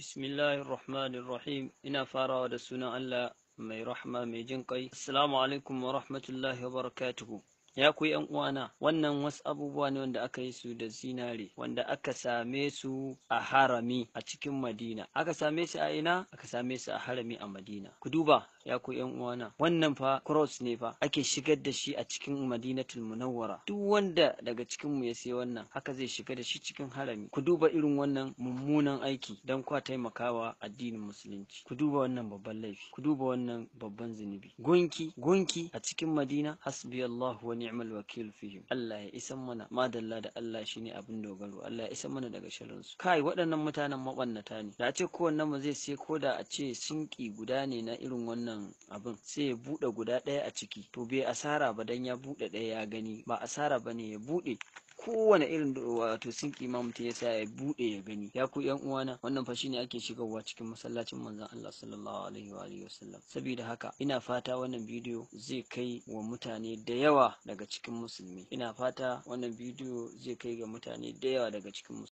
bismillahirrahmanirrahim ina farawa da sunan Allah mai rahma mai jin kai. Assalamu alaikum wa rahmatullahi wa barakatuhu. ya ku yan uwana wannan wasu abubuwa ne wanda aka yi su da zinare wanda aka same su a harami a cikin madina aka same su a ina aka same su a harami a madina ku duba ya ku yan uwana wannan fa cross ne fa ake shigar da shi a cikin madinatul munawwara duk wanda daga cikin mu ya sai wannan haka zai shiga da shi cikin harami ku duba irin wannan mummunan aiki dan kwa taimakawa addinin musulunci ku duba wannan babban laifi ku duba wannan babban zunubi gunki gunki a cikin madina hasbiyallahu wa ni'mal wakil fihim Allah ya isan mana madalla da Allah shine abin dogaro Allah ya isan mana daga shirin su kai waɗannan mutanen mabannata ne da ce kowannen mu zai sai koda a ce sinki guda ne na irin wannan abin sai ya bude guda ɗaya a ciki to bai asara ba dan ya bude ɗaya ya gani ba asara bane ya bude kowane irin wato sinki ma mutum ya saya ya bude ya gani ya ku yan uwana wannan fa shine ake shigarwa cikin masallacin manzon Allah sallallahu alaihi wa alihi wasallam saboda haka ina fata wannan bidiyo zai kai wa mutane da yawa daga cikin musulmi ina fata wannan bidiyo zai kai ga mutane da yawa daga cikin musulmi